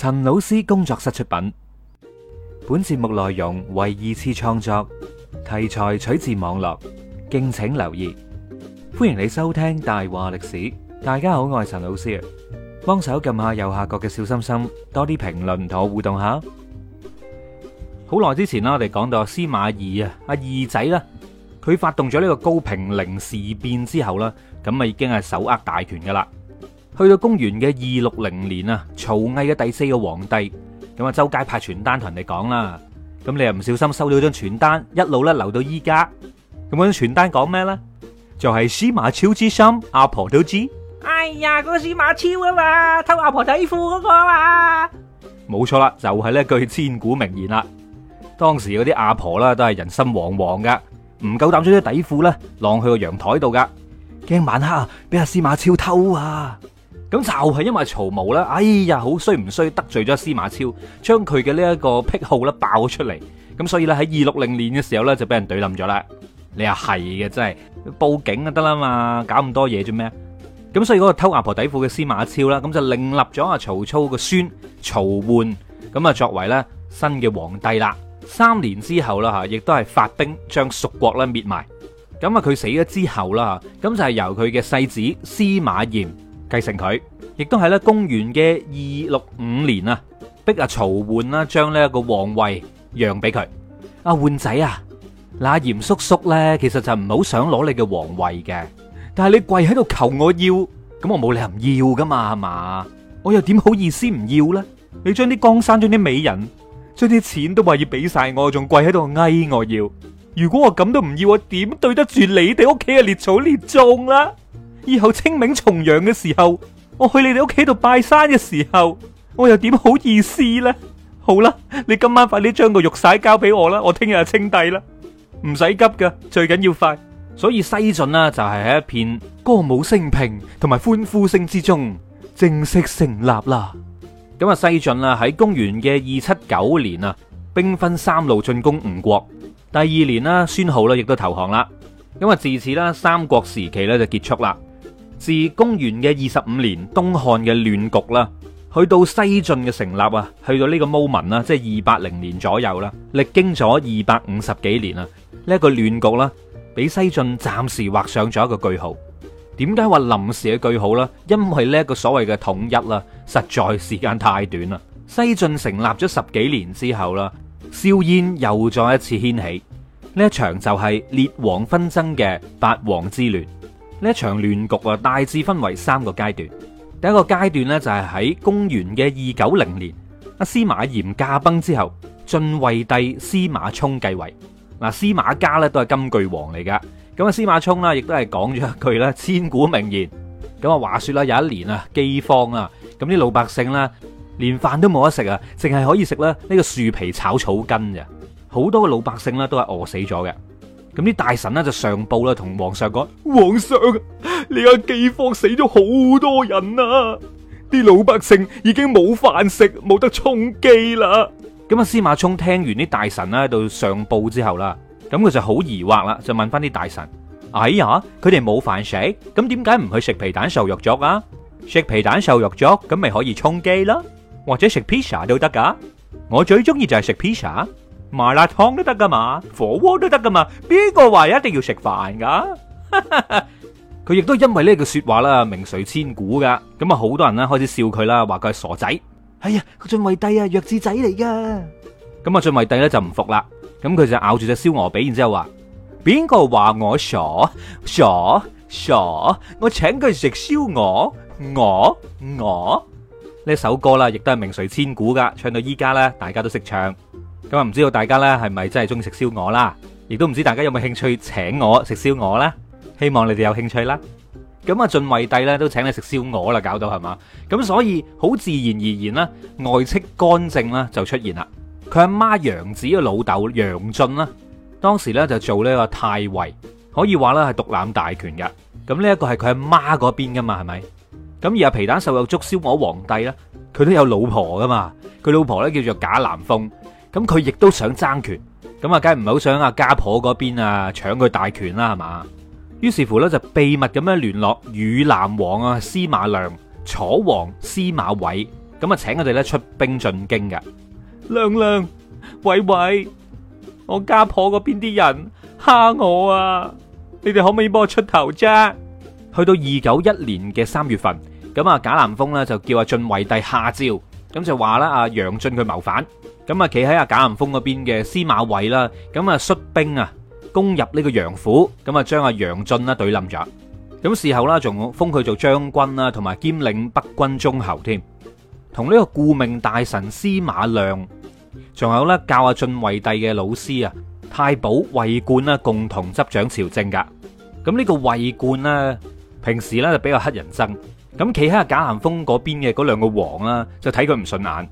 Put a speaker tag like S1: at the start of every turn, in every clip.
S1: 陳老師工作室出品，本節目內容為二次創作，題材取自網絡，敬請留意。歡迎你收聽《大話歷史》，大家好，我係陳老師啊，幫手撳下右下角嘅小心心，多啲評論同我互動下。好耐之前啦，我哋講到司馬懿啊，阿二仔啦，佢發動咗呢個高平陵事變之後啦，咁啊已經係手握大權噶啦。去到公元嘅二六零年啊，曹魏嘅第四個皇帝，咁啊，周街派傳單同人哋講啦。咁你又唔小心收到張傳單，一路咧留到依家。咁嗰張傳單講咩咧？就係司馬超之心，阿婆都知。哎呀，嗰個司馬超啊嘛，偷阿婆底褲嗰個啊嘛。冇錯啦，就係呢句千古名言啦。當時嗰啲阿婆啦，都係人心惶惶噶，唔夠膽將啲底褲咧晾去個陽台度噶，驚晚黑俾阿司馬超偷啊！咁就係因為曹髦啦，哎呀，好衰唔衰，得罪咗司馬超，將佢嘅呢一個癖好咧爆咗出嚟，咁所以咧喺二六零年嘅時候咧就俾人懟冧咗啦。你又係嘅，真係報警就得啦嘛，搞咁多嘢做咩？咁所以嗰個偷阿婆底褲嘅司馬超啦，咁就另立咗阿曹操嘅孫曹奐，咁啊作為咧新嘅皇帝啦。三年之後啦吓，亦都係發兵將蜀國咧滅埋。咁啊佢死咗之後啦吓，咁就係由佢嘅世子司馬炎繼承佢。亦都係咧，公元嘅二六五年啊，逼阿曹奐啦，將呢一個皇位讓俾佢阿奐仔啊。嗱，阿嚴叔叔咧，其實就唔係好想攞你嘅皇位嘅，但係你跪喺度求我要，咁我冇理由唔要噶嘛，係嘛？我又點好意思唔要咧？你將啲江山、將啲美人、將啲錢都話要俾晒我，仲跪喺度嗌我要。如果我咁都唔要，我點對得住你哋屋企嘅列祖列宗啦？以後清明重陽嘅時候。我去你哋屋企度拜山嘅時候，我又點好意思呢？好啦，你今晚快啲將個玉璽交俾我啦，我聽日就稱帝啦，唔使急噶，最緊要快。所以西晉啦就係喺一片歌舞昇平同埋歡呼聲之中正式成立啦。咁啊，西晉啦喺公元嘅二七九年啊，兵分三路進攻吳國。第二年啦，孫皓啦亦都投降啦。咁啊，自此啦三國時期咧就結束啦。自公元嘅二十五年，東漢嘅亂局啦，去到西晉嘅成立啊，去到呢個 moment 啦，即係二八零年左右啦，歷經咗二百五十幾年啊，呢、這個亂局啦，俾西晉暫時畫上咗一個句號。點解話臨時嘅句號啦？因為呢個所謂嘅統一啦，實在時間太短啦。西晉成立咗十幾年之後啦，硝煙又再一次掀起呢一場就係列王紛爭嘅八王之亂。呢一場亂局啊，大致分為三個階段。第一個階段呢，就係喺公元嘅二九零年，阿司馬炎駕崩之後，晉惠帝司馬衷繼位。嗱，司馬家呢，都係金句王嚟噶。咁阿司馬衷呢，亦都係講咗一句咧千古名言。咁啊，話説啦，有一年啊，饑荒啊，咁啲老百姓咧，連飯都冇得食啊，淨係可以食咧呢個樹皮炒草根嘅。好多嘅老百姓呢，都係餓死咗嘅。咁啲大臣咧就上報啦，同皇上講：皇上，呢個飢荒死咗好多人啊，啲老百姓已經冇飯食，冇得充飢啦。咁啊，司馬衷聽完啲大臣咧喺度上報之後啦，咁佢就好疑惑啦，就問翻啲大臣：哎呀，佢哋冇飯食，咁點解唔去食皮蛋瘦肉粥啊？食皮蛋瘦肉粥咁咪可以充飢啦，或者食披薩都得噶。我最中意就係食披薩。麻辣燙都得噶嘛，火鍋都得噶嘛。邊個話一定要食飯噶？佢亦都因為呢句說話啦，名垂千古噶。咁啊，好多人咧開始笑佢啦，話佢係傻仔。哎呀，啊，晉惠帝啊，弱智仔嚟噶。咁啊，晉惠帝咧就唔服啦。咁佢就咬住隻燒鵝髀，然之後話：邊個話我傻？傻？傻？我請佢食燒鵝，鵝，鵝呢首歌啦，亦都係名垂千古噶。唱到依家咧，大家都識唱。咁啊，唔知道大家咧係咪真係中意食燒鵝啦？亦都唔知大家有冇興趣請我食燒鵝咧？希望你哋有興趣啦。咁啊，晉惠帝咧都請你食燒鵝啦，搞到係嘛？咁所以好自然而然啦，外戚干政啦就出現啦。佢阿媽楊子嘅老豆楊駿啦，當時咧就做呢個太尉，可以話咧係獨攬大權嘅。咁呢一個係佢阿媽嗰邊噶嘛，係咪？咁而阿皮蛋瘦肉粥燒鵝皇帝咧，佢都有老婆噶嘛？佢老婆咧叫做賈南風。咁佢亦都想爭權，咁啊，梗係唔係好想阿家婆嗰邊啊搶佢大權啦，係嘛？於是乎咧就秘密咁樣聯絡汝南王啊、司馬亮、楚王司馬瑋，咁啊請佢哋咧出兵進京嘅。亮亮、瑋瑋，我家婆嗰邊啲人蝦我啊，你哋可唔可以幫我出頭啫？去到二九一年嘅三月份，咁啊賈南風呢，就叫阿晉惠帝下詔，咁就話啦阿楊駿佢謀反。咁啊，企喺阿賈南風嗰邊嘅司馬瑋啦，咁啊率兵啊攻入呢個楊府，咁啊將阿楊俊啦懟冧咗。咁事後啦仲封佢做將軍啦，同埋兼領北軍中侯添。同呢個顧命大臣司馬亮，仲有咧教阿晉惠帝嘅老師啊太保衛灌啦，共同執掌朝政噶。咁呢個衛灌咧平時咧就比較乞人憎。咁企喺阿賈南風嗰邊嘅嗰兩個王啦，就睇佢唔順眼。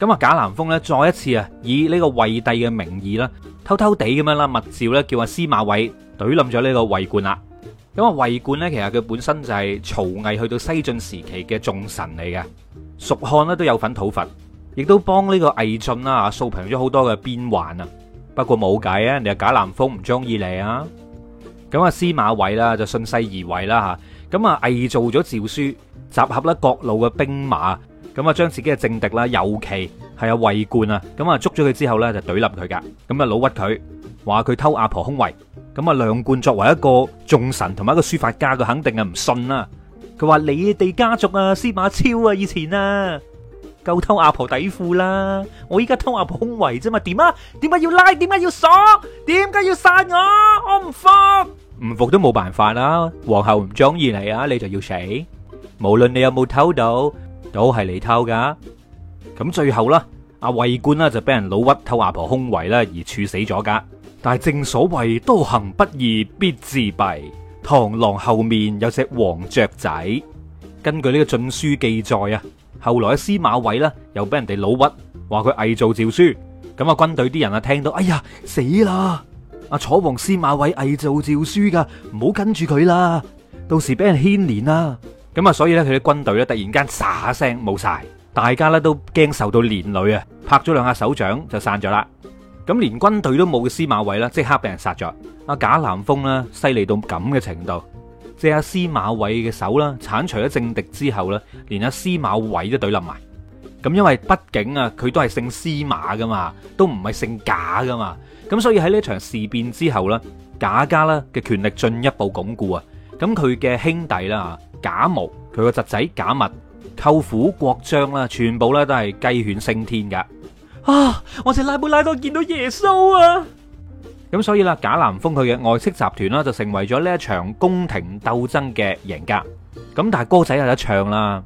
S1: 咁啊，賈南風咧再一次啊，以呢個惠帝嘅名義啦，偷偷地咁樣啦，密詔咧叫阿司馬瑋懟冧咗呢個衛瓘啦。咁啊，衛瓘呢，其實佢本身就係曹魏去到西晉時期嘅重臣嚟嘅，蜀漢呢，都有份討伐，亦都幫呢個魏晉啦啊，掃平咗好多嘅邊患啊。不過冇計啊，人哋賈南風唔中意你啊。咁啊，司馬瑋啦就順勢而為啦吓，咁啊偽造咗詔書，集合啦各路嘅兵馬。咁啊，將自己嘅政敵啦，尤其係阿衛冠啊，咁啊捉咗佢之後咧，就懟冧佢噶，咁啊老屈佢，話佢偷阿婆胸圍，咁啊梁冠作為一個眾臣同埋一個書法家，佢肯定係唔信啦。佢話你哋家族啊，司馬超啊，以前啊，夠偷阿婆底褲啦，我依家偷阿婆胸圍啫嘛，點啊？點解要拉？點解要鎖？點解要殺我？我唔服，唔服都冇辦法啦。皇后唔中意你啊，你就要死。無論你有冇偷到。都係你偷噶、啊，咁最後啦，阿衛瓘呢就俾人老屈偷阿婆胸圍啦，而處死咗噶。但係正所謂多行不義必自斃，螳螂後面有隻黃雀仔。根據呢個晉書記載啊，後來司馬瑋呢又俾人哋老屈，話佢偽造詔書，咁啊軍隊啲人啊聽到，哎呀死啦！阿楚王司馬瑋偽造詔書噶，唔好跟住佢啦，到時俾人牽連啦。咁啊，所以咧，佢啲軍隊咧突然間沙聲冇晒，大家咧都驚受到連累啊！拍咗兩下手掌就散咗啦。咁連軍隊都冇嘅，司馬偉啦，即刻俾人殺咗。阿賈南風咧，犀利到咁嘅程度，借阿司馬偉嘅手啦，鏟除咗政敵之後咧，連阿司馬偉都懟冧埋。咁因為畢竟啊，佢都係姓司馬噶嘛，都唔係姓賈噶嘛。咁所以喺呢場事變之後咧，賈家咧嘅權力進一步鞏固啊。咁佢嘅兄弟啦啊。賈模佢個侄仔賈謐、舅父郭彰啦，全部咧都係雞犬升天噶。啊！我隻拉布拉多見到耶穌啊！咁所以啦，賈南風佢嘅外戚集團啦，就成為咗呢一場宮廷鬥爭嘅贏家。咁但係歌仔又有唱啦：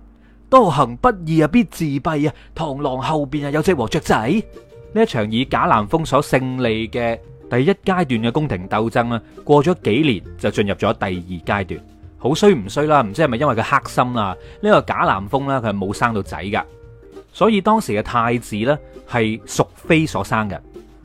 S1: 多行不義啊，必自斃啊！螳螂後邊啊有隻黃雀仔。呢一場以賈南風所勝利嘅第一階段嘅宮廷鬥爭啦，過咗幾年就進入咗第二階段。好衰唔衰啦？唔知係咪因為佢黑心啊？呢個賈南風呢，佢係冇生到仔噶，所以當時嘅太子呢，係淑妃所生嘅，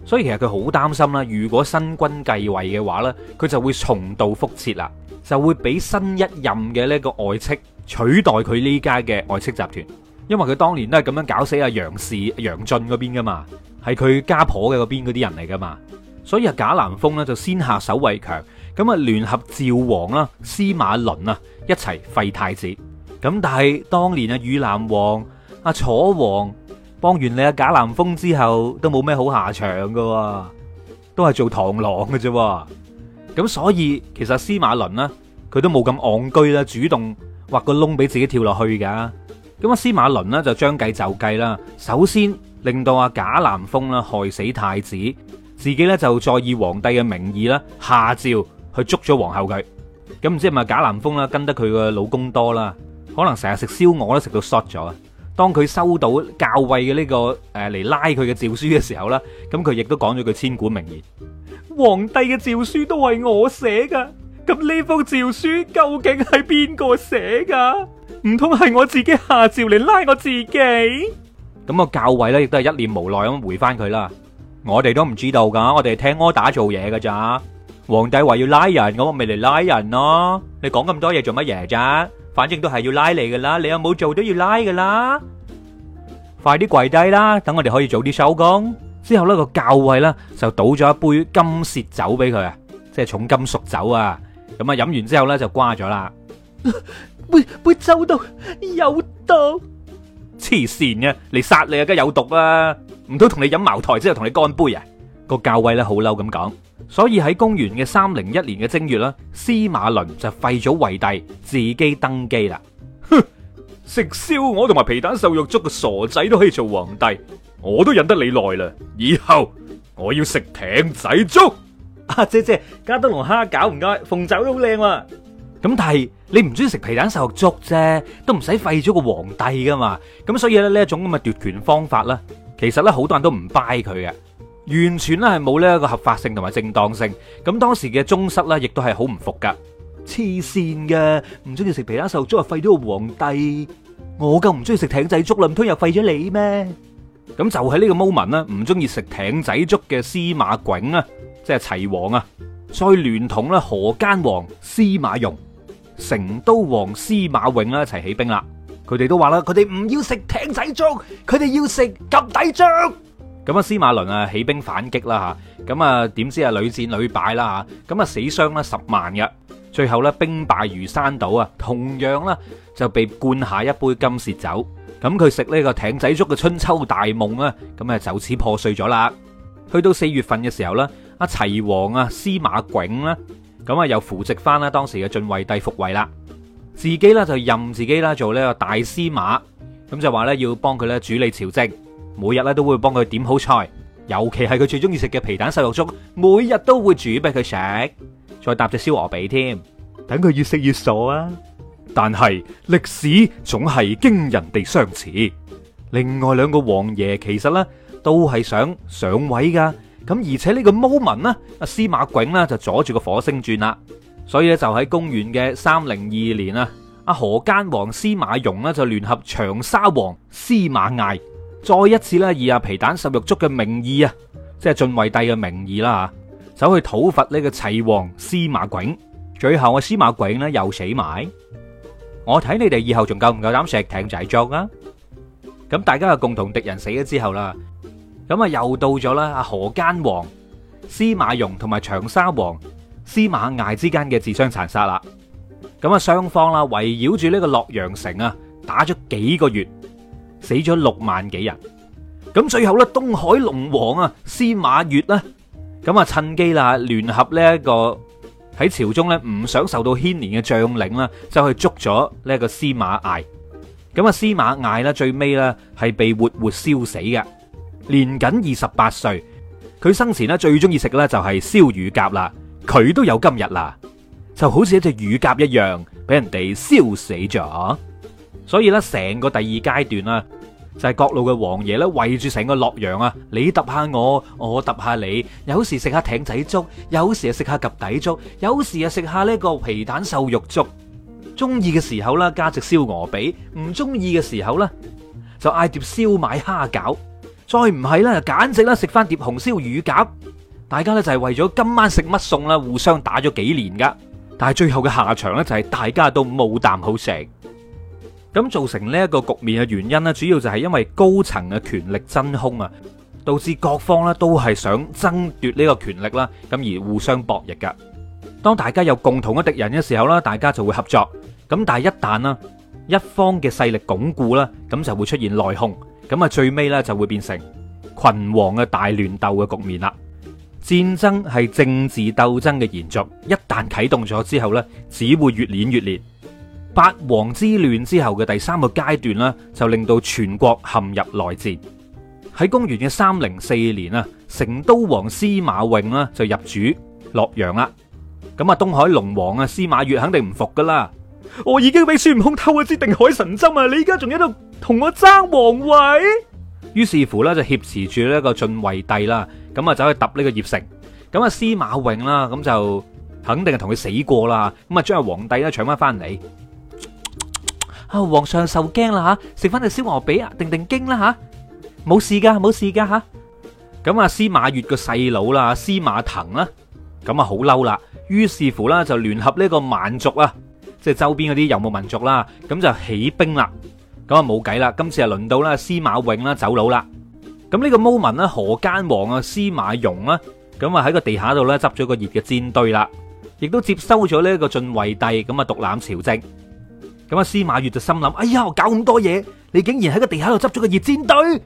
S1: 所以其實佢好擔心啦。如果新君繼位嘅話呢，佢就會重蹈覆轍啦，就會俾新一任嘅呢個外戚取代佢呢家嘅外戚集團，因為佢當年都係咁樣搞死阿楊氏、楊駿嗰邊噶嘛，係佢家婆嘅嗰邊嗰啲人嚟噶嘛，所以阿賈南風呢，就先下手為強。咁啊，聯合趙王啦、司馬倫啊一齊廢太子。咁但係當年啊，汝南王阿楚王幫完你阿賈南風之後，都冇咩好下場噶，都係做螳螂嘅啫。咁所以其實司馬倫呢，佢都冇咁戇居啦，主動挖個窿俾自己跳落去噶。咁啊，司馬倫呢，就將計就計啦，首先令到阿賈南風害死太子，自己咧就再以皇帝嘅名義啦下詔。去捉咗皇后佢，咁唔知係咪賈南風啦，跟得佢個老公多啦，可能成日食燒鵝都食到 short 咗。當佢收到校尉嘅呢個誒嚟拉佢嘅詔書嘅時候啦，咁佢亦都講咗句千古名言：皇帝嘅詔書都係我寫噶，咁呢封詔書究竟係邊個寫噶？唔通係我自己下詔嚟拉我自己？咁個校尉咧亦都係一臉無奈咁回翻佢啦。我哋都唔知道噶，我哋聽柯打做嘢噶咋。皇帝話要拉人，咁我咪嚟拉人咯。你講咁多嘢做乜嘢啫？反正都係要拉你噶啦，你有冇做都要拉噶啦。快啲跪低啦，等我哋可以早啲收工。之後咧個教位咧就倒咗一杯金屑酒俾佢，即係重金屬酒啊。咁啊飲完之後咧就瓜咗啦。杯杯酒都有毒？黐線啊，嚟殺你啊！梗有毒啊！唔通同你飲茅台之後同你乾杯啊？個教位咧好嬲咁講。所以喺公元嘅三零一年嘅正月啦，司馬倫就廢咗惠帝，自己登基啦。哼，食燒鵝同埋皮蛋瘦肉粥嘅傻仔都可以做皇帝，我都忍得你耐啦。以後我要食艇仔粥。啊，姐姐加多龍蝦餃唔該，鳳爪都好靚嘛。咁、啊、但係你唔中意食皮蛋瘦肉粥啫，都唔使廢咗個皇帝噶嘛。咁所以呢一種咁嘅奪權方法啦，其實咧好多人都唔 buy 佢嘅。完全咧係冇呢一個合法性同埋正當性。咁當時嘅宗室咧，亦都係好唔服噶。黐線嘅，唔中意食皮蛋瘦肉粥啊，廢咗個皇帝。我夠唔中意食艇仔粥啦，唔通又廢咗你咩？咁就喺呢個 moment 啦，唔中意食艇仔粥嘅司馬冏啊，即係齊王啊，再聯同咧河間王司馬顒、成都王司馬穎啦一齊起兵啦。佢哋都話啦，佢哋唔要食艇仔粥，佢哋要食及第粥。咁啊，司馬倫啊，起兵反擊啦吓，咁啊，點知啊，屢戰屢敗啦吓，咁啊，死傷十萬噶，最後呢，兵敗如山倒啊，同樣呢就被灌下一杯金屑酒，咁佢食呢個艇仔粥嘅春秋大夢啊，咁啊，就此破碎咗啦。去到四月份嘅時候呢，阿齊王啊，司馬冏咧，咁啊，又扶植翻，啦當時嘅晉惠帝復位啦，自己呢就任自己啦做呢個大司馬，咁就話要幫佢咧主理朝政。每日咧都會幫佢點好菜，尤其係佢最中意食嘅皮蛋瘦肉粥，每日都會煮俾佢食，再搭隻燒鵝髀添。等佢越食越傻啊！但係歷史總係驚人地相似。另外兩個王爺其實咧都係想上位噶，咁而且呢個 moment 呢阿司馬冏呢就阻住個火星轉啦，所以咧就喺公元嘅三零二年啊，阿河間王司馬顒呢就聯合長沙王司馬乂。再一次以阿皮蛋瘦肉粥嘅名義啊，即係晉惠帝嘅名義啦吓，走去討伐呢個齊王司馬冏。最後，阿司馬冏呢又死埋。我睇你哋以後仲夠唔夠膽食艇仔粥啊？咁大家嘅共同敵人死咗之後啦，咁啊又到咗啦阿河間王司馬容同埋長沙王司馬艾之間嘅自相殘殺啦。咁啊雙方啦圍繞住呢個洛陽城啊打咗幾個月。死咗六萬幾人，咁最後咧，東海龍王啊，司馬越啦，咁啊趁機啦、這個，聯合呢一個喺朝中咧唔想受到牽連嘅將領啦，就去捉咗呢一個司馬艾。咁啊，司馬艾啦，最尾咧係被活活燒死嘅，年僅二十八歲。佢生前咧最中意食嘅咧就係燒乳鴿啦，佢都有今日啦，就好似一隻乳鴿一樣被，俾人哋燒死咗。所以咧，成個第二階段啦，就係、是、各路嘅王爺咧圍住成個洛陽啊，你揼下我，我揼下你，有時食下艇仔粥，有時啊食下及第粥，有時啊食下呢個皮蛋瘦肉粥，中意嘅時候啦加隻燒鵝髀，唔中意嘅時候啦就嗌碟燒賣蝦餃，再唔係啦，簡直啦食翻碟紅燒乳鴿，大家咧就係為咗今晚食乜餸啦，互相打咗幾年噶，但係最後嘅下場咧就係大家都冇啖好食。咁造成呢一個局面嘅原因呢，主要就係因為高層嘅權力真空啊，導致各方呢都係想爭奪呢個權力啦，咁而互相博弈噶。當大家有共同嘅敵人嘅時候呢，大家就會合作。咁但係一旦呢一方嘅勢力鞏固啦，咁就會出現內訌。咁啊，最尾呢，就會變成群王嘅大亂鬥嘅局面啦。戰爭係政治鬥爭嘅延續，一旦啟動咗之後呢，只會越演越烈。八王之亂之後嘅第三個階段呢，就令到全國陷入內戰。喺公元嘅三零四年啊，成都王司馬穎啦，就入主洛陽啦。咁啊，東海龍王啊，司馬越肯定唔服噶啦。我已經俾孫悟空偷咗支定海神針啊！你而家仲喺度同我爭皇位？於是乎呢，就挾持住呢一個晉惠帝啦，咁啊走去揼呢個鄴城。咁啊，司馬穎啦，咁就肯定係同佢死過啦。咁啊，將個皇帝咧搶翻翻嚟。啊！皇上受驚啦吓，食翻隻燒鵝髀定定驚啦吓，冇事噶冇事噶吓。咁啊，司馬越個細佬啦，司馬騰啦，咁啊好嬲啦。於是乎啦，就聯合呢個蠻族啦，即係周邊嗰啲游牧民族啦，咁就起兵啦。咁啊冇計啦，今次係輪到啦司馬穎啦走佬啦。咁呢個 moment 啦，河間王啊司馬顒啊，咁啊喺個地下度咧執咗個熱嘅煎堆啦，亦都接收咗呢一個晉惠帝，咁啊獨攬朝政。咁啊，司馬越就心諗：哎呀，搞咁多嘢，你竟然喺個地下度執咗個熱戰隊。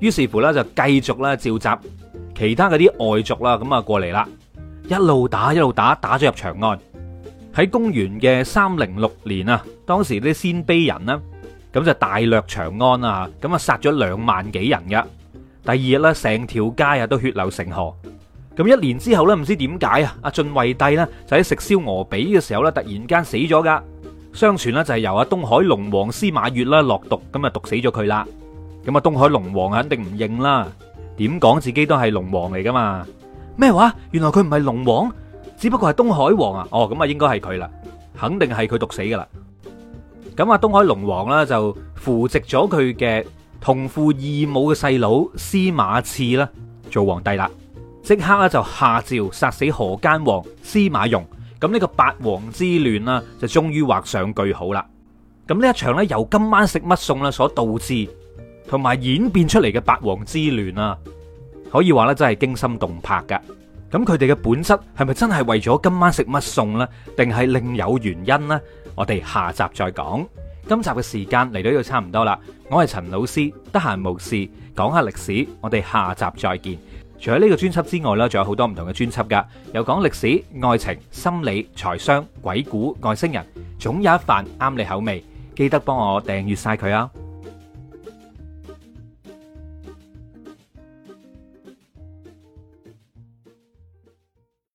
S1: 於是乎咧，就繼續咧召集其他嗰啲外族啦，咁啊過嚟啦，一路打一路打，打咗入長安。喺公元嘅三零六年啊，當時啲鮮卑人咧，咁就大掠長安啦，咁啊殺咗兩萬幾人噶。第二日咧，成條街啊都血流成河。咁一年之後咧，唔知點解啊，阿晉惠帝咧就喺食燒鵝髀嘅時候咧，突然間死咗噶。相傳咧就係由啊東海龍王司馬越啦落毒，咁啊毒死咗佢啦。咁啊東海龍王肯定唔認啦，點講自己都係龍王嚟噶嘛。咩話？原來佢唔係龍王，只不過係東海王啊。哦，咁啊應該係佢啦，肯定係佢毒死噶啦。咁啊東海龍王呢，就扶植咗佢嘅同父異母嘅細佬司馬熾啦做皇帝啦，即刻啊就下詔殺死河間王司馬顒。咁呢個八王之亂啦、啊，就終於畫上句號啦。咁呢一場呢，由今晚食乜餸呢所導致，同埋演變出嚟嘅八王之亂啦、啊，可以話呢真係驚心動魄噶。咁佢哋嘅本質係咪真係為咗今晚食乜餸呢？定係另有原因呢？我哋下集再講。今集嘅時間嚟到呢度差唔多啦。我係陳老師，得閒無事講下歷史，我哋下集再見。除咗呢個專輯之外咧，仲有好多唔同嘅專輯噶，又講歷史、愛情、心理、財商、鬼故、外星人，總有一份啱你口味。記得幫我訂閱晒佢啊！